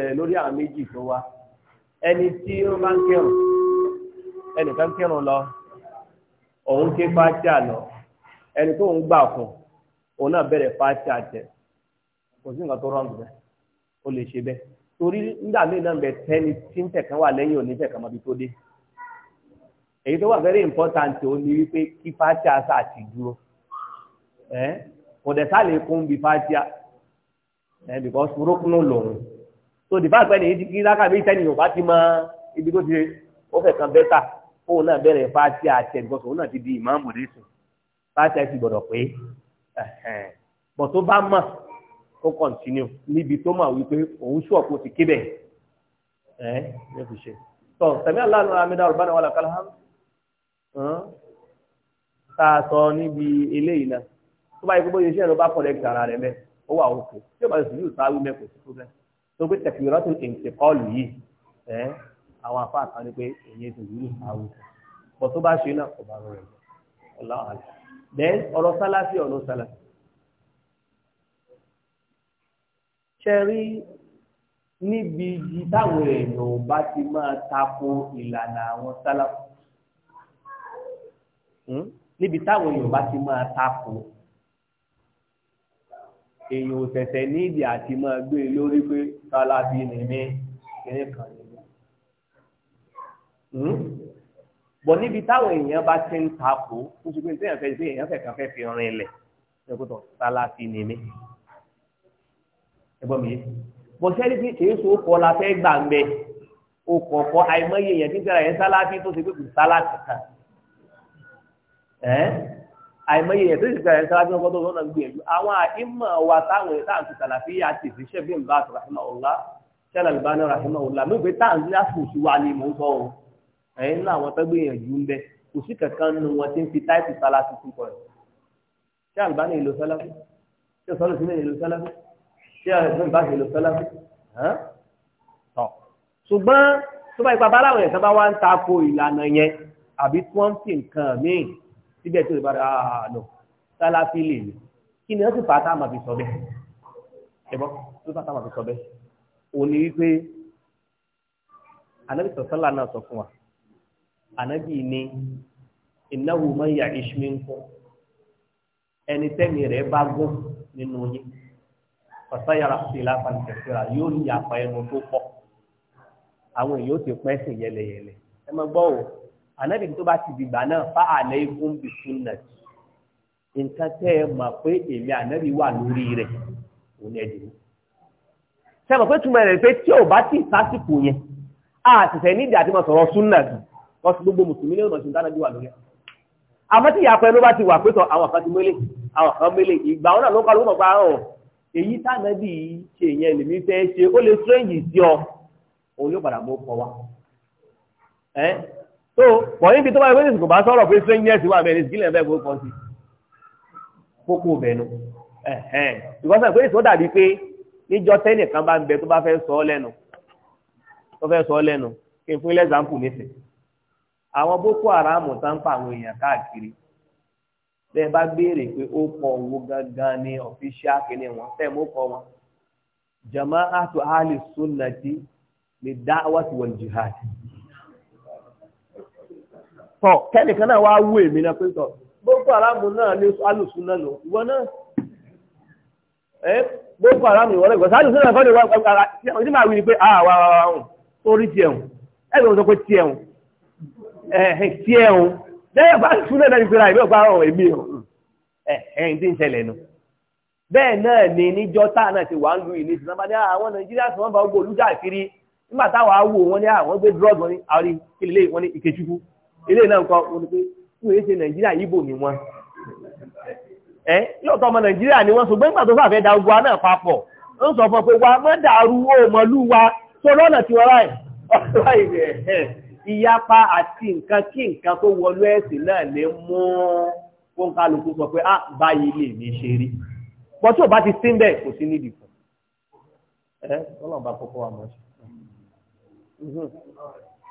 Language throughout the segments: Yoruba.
e lórí àwọn méjì tó wá ẹni tí ó bá ń kírun ẹnìkan kírun lọ òun ké fáṣà lọ ẹni tó ń gbà fún òun náà bẹ̀rẹ̀ fáṣà tẹ̀ kò sí nǹkan tó rọ̀ nǹkan ó lè ṣe bẹ́ẹ̀ torí nígbà míì náà bẹ tẹ́ni tí ń tẹ̀kan wà lẹ́yìn òní tẹ̀kan mọ́bi tó dé èyí tó wà very important òun ni wípé kí fáṣà sáà ti dúró kò dẹ̀ sáà lè kún bí fáṣà because lòun. so the fact pẹ́ni yìí ti kí lákàbí ìtẹ́ni yorùbá ti mọ ibi tó ti ó fẹ́ kan bẹ́tà òun náà bẹ̀rẹ̀ fáti àti ẹ̀gbọ́sọ̀ òun náà ti di ìmáàmù lẹ́sùn fáti àti gbọ́dọ̀ pé bọ̀ tó bá mọ̀ kó kọ̀ntínú níbi tó mọ̀ wípé òun ṣọ̀pọ̀ ti kébẹ̀ ẹ̀ ẹ́ fi ṣe tọ́ sẹ̀mí aláàánú amídá ọ̀rọ̀bánà wà lákàlá hàn tá a sọ níbi eléyìí náà tó bá yẹ kó bóyá iṣẹ́ ìrọ̀ bá kọ̀lẹ́kì ara rẹ̀ mẹ́ ó wà òkè tí ó bá sì yóò sáwí mẹ́kọ̀ọ́ sí tó bẹ́ẹ̀ tó gbé tẹ̀kìlọ́tò ìǹtìkọ́ọ̀lù yìí ẹ̀ àwọn afá kan ní pé èyí ètò yìí àwùjọ bọ̀ tó bá ṣe náà kò bá rọ rẹ̀ ọláhàn then ọ̀rọ̀ sálásí ọ̀rọ̀ sálásí. ṣe níbi ibi táwọn èèyàn ò bá ti máa tako ìlànà àwọn sálásí hmm? níbi táwọn èèyàn ò bá ti máa tako èèyàn òṣẹ̀ṣẹ̀ ní ìdí àti máa gbé e lórí pé sálábí ni mí kìíní kan ni mí. Hmm? bọ̀ níbi táwọn èèyàn bá ti ń takò ó ṣe pé téèyàn fẹ́ ṣe èèyàn fẹ̀kan fẹ́ fi rin ilẹ̀ ṣe kó ni mí. ẹ gbọ́ mi yé bọ̀ sẹ́ni tí kìí so kọ́ la fẹ́ gbà ń bẹ okọ̀ọ̀kọ̀ àìmọye èèyàn tí ń sẹ́ra yẹn sálábí tó ṣe pé kò sálábí kan àìmọye èèyàn tó ti sẹ̀rẹ̀ sára bí wọ́n kọ́ tó lọ́nà gbìyànjú àwọn àìmọ̀ wa táwọn èèyàn táà ń ti sàlàfí àti ìfisẹ́ bí nbà àti rahima ọ̀la sẹ́lẹ̀ ìbáná rahima ọ̀la mi ò pé táà ń ní àfòsù wa ni mò ń sọ o ẹ̀yìn náà àwọn tó gbìyànjú ń bẹ kò kankan nu wọn ti ń fi táìpì sàlàfí fún kọ ẹ̀ ṣé àlùbáná èlò sàlàfí ṣé ṣé àlùbáná èlò sàlàfí ṣùgbọ́n tó bá síbẹ̀ tí o bá dáa ah, lọ sálàfí lè ní kí ni wọ́n sì fàá táàmà fi sọ bẹ́ẹ̀ ẹ̀bọ́ tó fàá táàmà fi sọ bẹ́ẹ̀ ò ní wípé ànábì sọ̀sọ́là náà sọ fún wa ànábì ní innahu man ya'ish minkum ẹni tẹ́mi rẹ̀ bá gún nínú yín fasayara ikhtilafan kathira yóò ní àpá ẹnu tó pọ̀ àwọn èèyàn ti pẹ́ sí yẹlẹyẹlẹ ẹ máa gbọ́ wò ànábì tó bá ti dìgbà náà fa àlẹ́ ikún bí sunnat nǹkan tẹ́ ẹ mọ̀ pé èmi ànábì wà lórí rẹ̀ òun ẹ̀ dùn. ṣé ẹ mọ̀ pé túmọ̀ rẹ̀ pé tí ò bá ti sásìkò yẹn a tẹ̀sẹ̀ nídìí àti mọ̀ sọ̀rọ̀ sunnat wọ́n ti gbogbo mùsùlùmí lórí mọ̀sùn tánà bí wà lórí ẹ̀. àmọ́ tí ìyàpẹ́ ló bá ti wà pé tọ̀ àwọn kan ti mélé àwọn kan mélé ìgbà wọn náà ló kọ́lu mọ̀ pa ọ̀ so pọ̀ níbi tó bá yẹ kó bá sọ̀rọ̀ pé strangeness wà bẹ́ẹ̀ ní sílẹ̀ bẹ́ẹ̀ kó kọ́ sí kókó bẹ̀nu ẹ̀hẹ́n ìgbọ́sọ̀ pé ìṣó dàbí pé níjọ tẹ́nìkan bá ń bẹ tó bá fẹ́ sọ ọ́ lẹ́nu tó fẹ́ sọ ọ́ lẹ́nu kí n fún ilé zampu nísìn àwọn boko haram tá ń pa àwọn èèyàn káàkiri bẹ́ẹ̀ bá béèrè pé ó pọ̀ owó gangan ní ọ̀fíṣíà kìíní wọn tẹ́ mú kọ́ wọn jama'atu ahli sunnati lid da'wati wal jihad tọ̀ kẹ́nìkan náà wá wú èmi náà Boko Haram náà ní alùsùn náà lò ìwọ náà Boko Haram ìwọ alùsùn náà fọ́nà ìwọ ara tí màá wí ni pé ah wà wà wà hùn torí tiẹ̀ hùn ẹ̀ lọ́wọ́ sọ pé tiẹ̀ hùn ẹ̀ tiẹ̀ hùn lẹ́yìn bá alùsùn náà ní pé ìwé ọ̀pá ọ̀hún èmi hùn ni níjọ́ náà ti wà ń lu ìlú ní ah, àwọn nàìjíríà tí wọ́n bá wọn ní àwọn ah, gbé drug wọn ní àrí ilé náà kọ́ wọn pé wọn èyí ṣe nàìjíríà ibo ni wọn ẹ lóòótọ́ ọmọ nàìjíríà ni wọn ṣùgbọ́n ìgbà tó fàfẹ́ da ogun ń sọ fún ọ wa dàrú wa tó ìyapa àti nǹkan kí nǹkan tó wọlé náà lè mú fún kálukú sọ pé ah báyìí lè ní ṣe rí tí ò bá ti sí kò sí nídìí fún ẹ bá ṣe.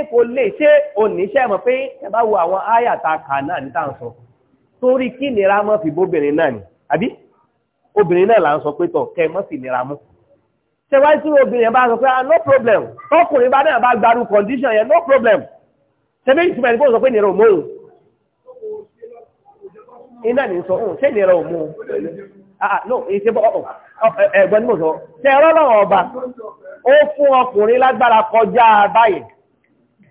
èkó lè ṣe oníṣẹ́ mọ̀ pé ẹ bá wo àwọn áyàtà kà náà ní táà ń sọ torí kí nira mọ́ fi bóbìnrin náà ni àbí obìnrin náà là ń sọ pé tọ̀ kẹ́ mọ́ sí nira mọ́ ṣẹwájú tí obìnrin bá sọ pé ah no problem tọkùnrin bá náà bá gbaru condition yẹn no problem ṣẹbi ìtumọ̀ ẹni kó sọ pé nira ò mọ́ o iná ní sọ ṣé nira ò mọ́ o ah no ìṣe bọ́ ẹ̀gbọ́n ní mo sọ ṣe ẹ̀rọ náà ọba ó fún ọkùnrin lágbára kọjá báyìí.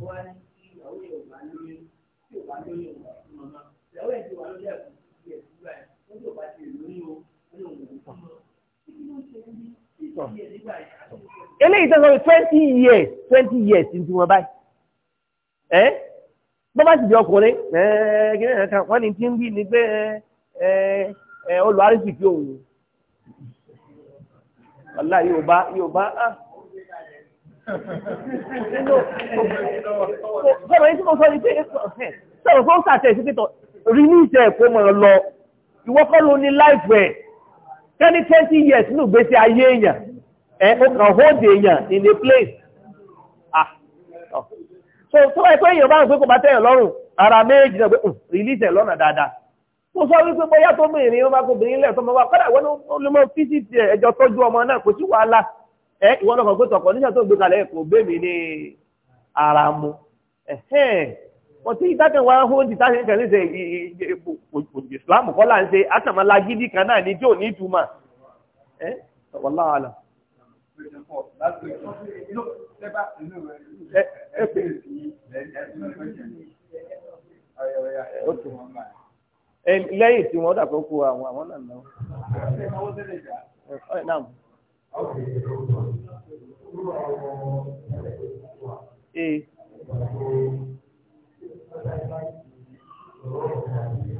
ó eléyìí tó twenty years twenty years ti wọn báyìí ẹ bọ́ sì di ọkùnrin ẹ̀ẹ́dẹ́gbẹ̀rún kan wọ́n ní tí ń bí ni pé ẹ̀ẹ́ olùwárí sì kí òun ọ̀la yóò bá yóò bá Sọ̀rọ̀ yìí tí mo sọ ní pé sọ̀rọ̀ fún sàtẹ̀ sí pítọ̀ rí ẹ̀kọ́ mọ̀ lọ. Ìwọ kọ́ ló ní láìpẹ́ ẹ̀. twenty years nínú gbèsè ayé èèyàn. Ẹ o kàn hold èèyàn in a place. Ah, so tó ẹ pé èèyàn bá ń pé kò bá tẹ̀yàn lọ́rùn ara méjì náà pé hmm, release ẹ̀ lọ́nà dáadáa. Mo sọ wípé bóyá tó mìíràn ó bá kó obìnrin lẹ̀ tó mọ́ wá kọ́dà wọ́n ló mọ físítì ẹ̀jọ̀ tọ́jú ọmọ náà kò sí wàhálà. ẹ ìwọ náà gbé tọkọ níṣà tó gbé kalẹ̀ kò mi ní ara mu wọ́n ti dákẹ́ wá ti táṣe nǹkan níṣe islam kọ́ ń ṣe gidi kan náà ní ní lẹ́yìn tí wọ́n dàpọ̀ kó àwọn àwọn náà náà. Eh.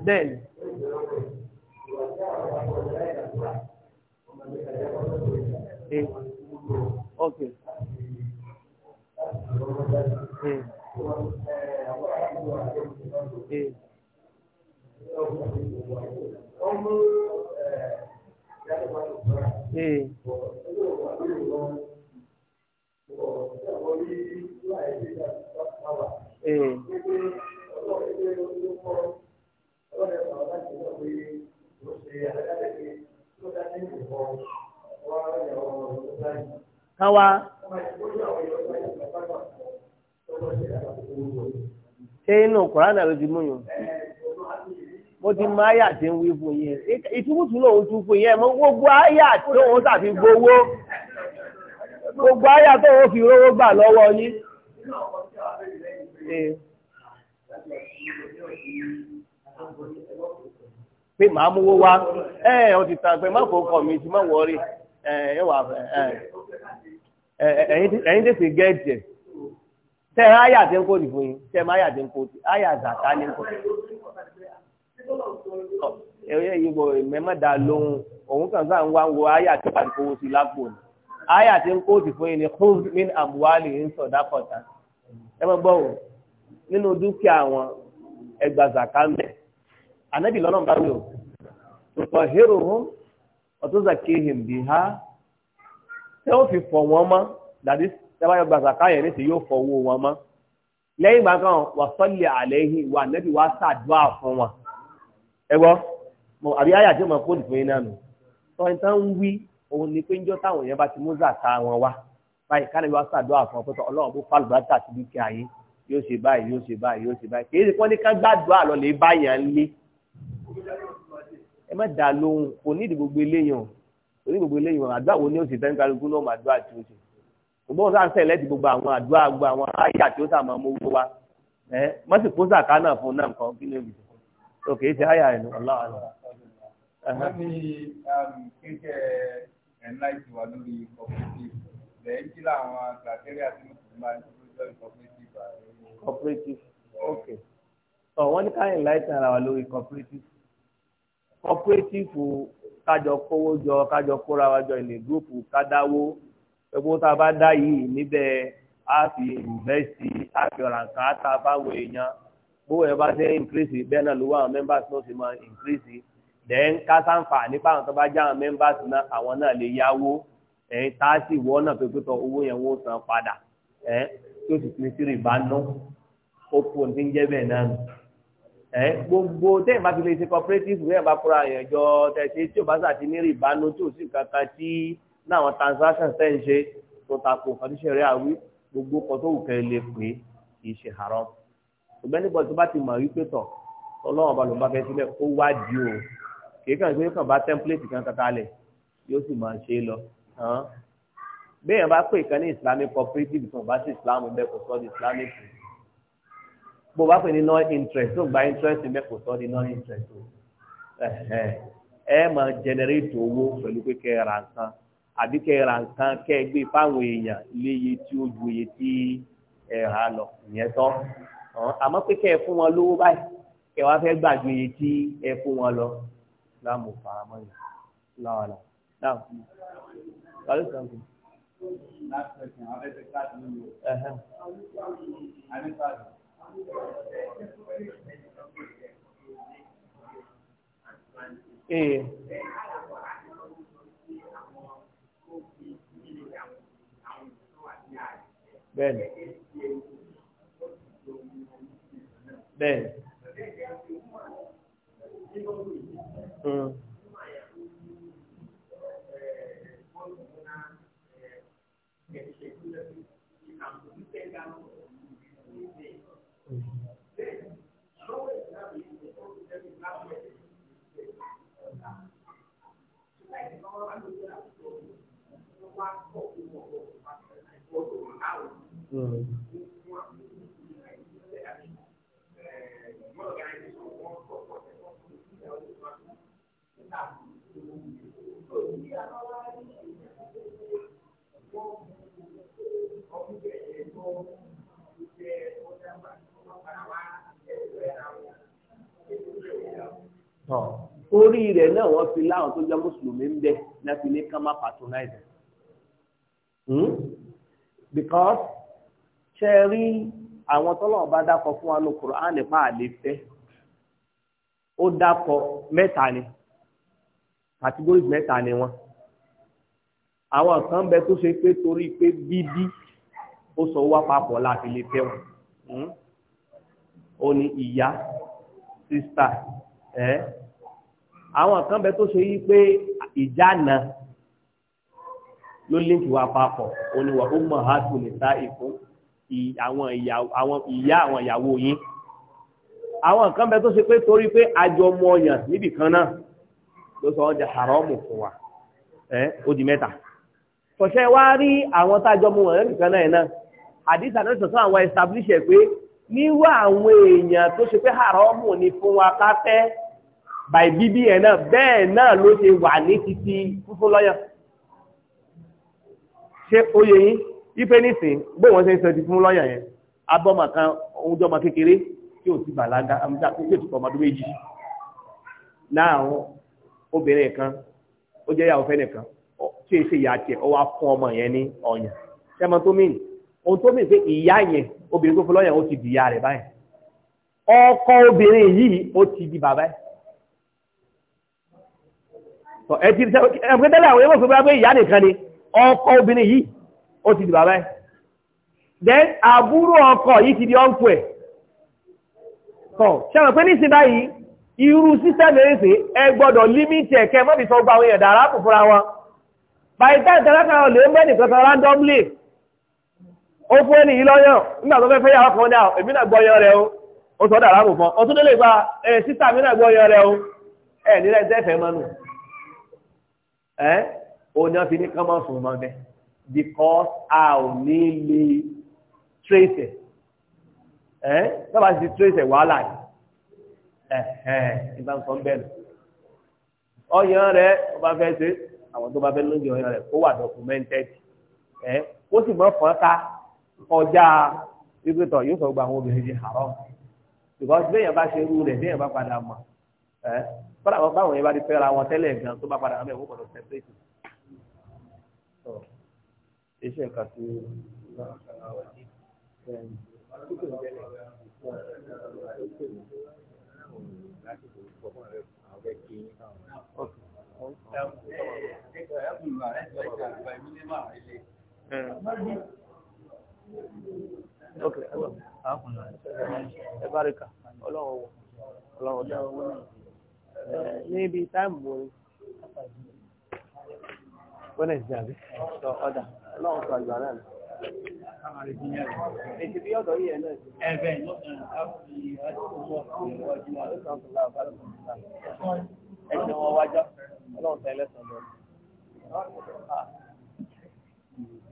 Bẹ́ẹ̀ni. Eh. Ok. Eh. Eh. Eh. ee kan ṣé inú kòránà ló ti mú yun mo ti mọ àyà tí ń wí fún yín ìtúkùtù lòun tún fún yín ẹ mọ gbogbo àyà tí òun tàbí gbowó. Gbogbo àyà tó wọ́n fi rówó gbà lọ́wọ́ yín. Eh. Pé màá múwó wá, ẹ ẹ̀ ọ ti tàn pé má fò mi ti má wọrí, ẹ ẹ wà ẹ̀yin tètè gẹ́ẹ̀tì ẹ̀. Tẹ́ ẹ tí ń kó dìbò yín, tẹ́ má tí ń kó ní kó. yìí lóhun, òun àyà tí ń kóòtù fún yín ni khudh min amwalihim sadaqatan ẹ mọ gbọ́ wò nínú dúkìá wọn ẹgbà zaka mẹ anabi lọ́nà bá wúlò tutahhiruhum wa tuzakkihim biha tẹ́ ó fi fọ̀ wọ́n mọ́ dàbí tẹ́wá yọ gba zaka yẹn ní ti yóò fọ̀ owó wọn mọ́ lẹ́yìn ìgbà kan wà salli alayhi wà nẹ́bí wà sàdúrà fún wọn ẹ gbọ́ àbí àyà tí mo kóòtù fún yín náà nù tọ́ òun ni pé njọ́ táwọn èèyàn bá ti mú zàtà wọn wá báyìí ká níbi wá sàdúrà fún ọpẹ́tọ̀ ọlọ́run bó fàlùbátà ti bí kí ayé yóò ṣe báyìí yóò ṣe báyìí yóò ṣe báyìí kì í ṣe pọ́n ní ká gbàdúrà lọ lè báyàn lé ẹ má dà lóhùn kò ní ìdí eléyàn kò ní gbogbo eléyàn àdúrà wo ni ó sì fẹ́ nípa gbogbo náà àdúrà tí ó ṣe ṣùgbọ́n sáà ń sẹ̀ lẹ́dí gbogbo àwọn àdúrà gbogbo àwọn aráyà tí ó sà máa mówó wa ẹ má sì kó sàká náà fún náà nǹkan kí ló ń bìí ok ṣe àyà ẹ̀ ọlọ́run enlight wa lórí cooperative lẹ́yìn kí làwọn criteria tí mo sì máa ń dúró lórí cooperative ààrẹ. cooperative ok so wọ́n ní ká enlight ara wa lórí cooperative cooperative kájọ kówó jọ kájọ kóra wa jọ ilé gúrúùpù kádáwó epo tá a bá dá yìí níbẹ̀ á fi invest á fi ọ̀ràn ká tá a bá wọ èèyàn bówó ẹ bá ṣe increase bẹ́ẹ̀ náà ló wà àwọn members náà sì máa increase then kásáǹfà nípa àwọn tó bá já members náà àwọn náà lè yáwó ẹ̀yìn tá a sì wọ́ náà pé pé tọ owó yẹn wọ́n san padà ẹ̀ tó sì ti ti rìn bá ná ó pò ní jẹ́ bẹ́ẹ̀ náà nù. ẹ̀ gbogbo tẹ́yìn bá ti lè ṣe cooperative rẹ̀ bá kóra àyàn jọ tẹ̀sí tí ò bá sà ti ní rìn bá ná tó sì kankan tí náwọn transactions tẹ̀ ń ṣe tó takò kàdúṣe rẹ̀ àwí gbogbo kan tó wù kẹ́ lè pè é kì í kì í kàn pé yóò kàn bá tẹ́ḿpìlẹ̀tì kan kankalẹ̀ yóò sì máa ṣe é lọ bẹ́ẹ̀ bá pè kan ní islamic cooperative tó bá sí islam bẹ́ẹ̀ kò sọ́ di islamic bó bá pè ní non interest tó gba interest bẹ́ẹ̀ kò sọ́ di non interest o ẹ máa generate owó pẹ̀lú pé kẹ́ ẹ ra nǹkan àbí kẹ́ ẹ ra nǹkan kẹ́ ẹ gbé fáwọn èèyàn léye tí ó ju iye tí ẹ ra lọ ìyẹn tọ́ àmọ́ pé kẹ́ ẹ fún wọn lówó báyìí kẹ́ wá fẹ́ gbàgbé iye tí ẹ fún wọn lọ láàmú faramọ́ yìí láwàlá. Now, that is something. Last question, I read Ee. Bẹ́ẹ̀ni. Bẹ́ẹ̀ni. Mm. orí rẹ̀ náà wọ́n fi láwọn tó jẹ́ mùsùlùmí ń bẹ̀ láti ní ká má patronize hmm? because ṣe rí àwọn tọ́lọ́wọ́n bá dákọ̀ fún wa ní Kùránì nípa àlefẹ́ ó mẹ́ta ni. categories mẹ́ta ni wọ́n àwọn kan bẹ tó ṣe pé torí pé bíbí ó sọ wá papọ̀ láti lè fẹ́ wọn hmm? ó ní ìyá sísítà ẹ́ àwọn kan bẹ tó ṣe yí pé ìjánà ló líǹkì wá papọ̀ ó ní wà ó mọ̀ á tù ní sáà ìfún ìyá àwọn ìyàwó yín àwọn kan bẹ tó ṣe pé torí pé àjọmọ ọyàn níbì kan náà ló sọ ọ́ di haramu fún wa ẹ ó di mẹ́ta kọ̀ṣẹ́ wá rí àwọn tájọ mu wọn lẹ́nu kan náà náà àdìsá náà sọ̀tún àwọn establish pé níwá àwọn èèyàn tó ṣe pé haramu ni fún wa ká fẹ́ by bíbí ẹ̀ náà bẹ́ẹ̀ náà ló ṣe wà ní títí fúnfún lọ́yàn ṣé ó yẹ yín ipe nísìn bó wọn ṣe ń sọ ti fún lọ́yàn yẹn abọ́mọ kan ohun jọmọ kékeré tí ò ti bàlágà tí obìnrin kan ó jẹ́ ìyàwó fẹ́nìkan tí èsì ìyá tiẹ̀ ó wá fún ọmọ yẹn ní ọyàn sẹ́mọ tó mìíní ohun tó mìíní pé ìyá yẹn obìnrin tó fún lọ́yàn ó ti di ìyá rẹ̀ báyìí ọkọ obìnrin yìí ó ti di bàbá ẹ̀ ẹ ti sẹ́ ẹ̀fẹ́ tẹ́lẹ̀ àwọn ẹgbẹ́ pé ìyá nìkan ni ọkọ obìnrin yìí ó ti di bàbá ẹ̀ then àbúrò ọkọ yìí ti di ọ̀nkù ẹ̀ tọ̀ sẹ́wọ̀n pé nísìnyí báyìí irú sísẹ́mì ẹ̀sẹ̀ ẹ gbọ́dọ̀ límítì ẹ̀kẹ́ mọ́bí sọ gba àwọn èèyàn dára kù fúnra wọn bàìtá ìtẹ́lẹ́kà ọ̀ lè ń bẹ́ randomly ó fún ẹni yìí lọ́yàn nígbà tó fẹ́ fẹ́ yàrá kan náà èmi náà gbọ́yàn o ó sọ dára fún ọ tún gba ẹ sísà mi náà gbọ́yàn rẹ o ẹ nílẹ̀ tẹ́fẹ̀ẹ́ ẹ ò ní fi ní kán mọ́ because a ò ní lè trace ẹ ẹ ẹ̀hẹ́n ìgbà nǹkan bẹ́ẹ̀ ọyàn rẹ̀ ó bá fẹ́ ṣe àwọn tó bá fẹ́ lóúnjẹ ọyàn rẹ̀ kó wà documented ẹ̀ kó sì mọ́ fọ́n ká ọjà wípé tọ̀ yóò sọ gba àwọn obìnrin di haram because béèyàn bá ṣe irú rẹ̀ béèyàn bá padà mọ̀ ẹ̀ fọ́nà àwọn báwọn yẹn bá ti fẹ́ra wọn tẹ́lẹ̀ gan tó bá padà mọ̀ ẹ̀ wọ́n gbọ́dọ̀ separate iṣẹ́ ok ẹ bá rí ká ọlọ́run wọ ọlọ́run dá níbi táìmù wo ni wọ́n ẹ̀ sí àbí ọ̀dà ọlọ́run sọ àgbà náà Ẹ̀sìn wọn wájá, ọlọ́run tẹ́lẹ̀ sọ̀rọ̀.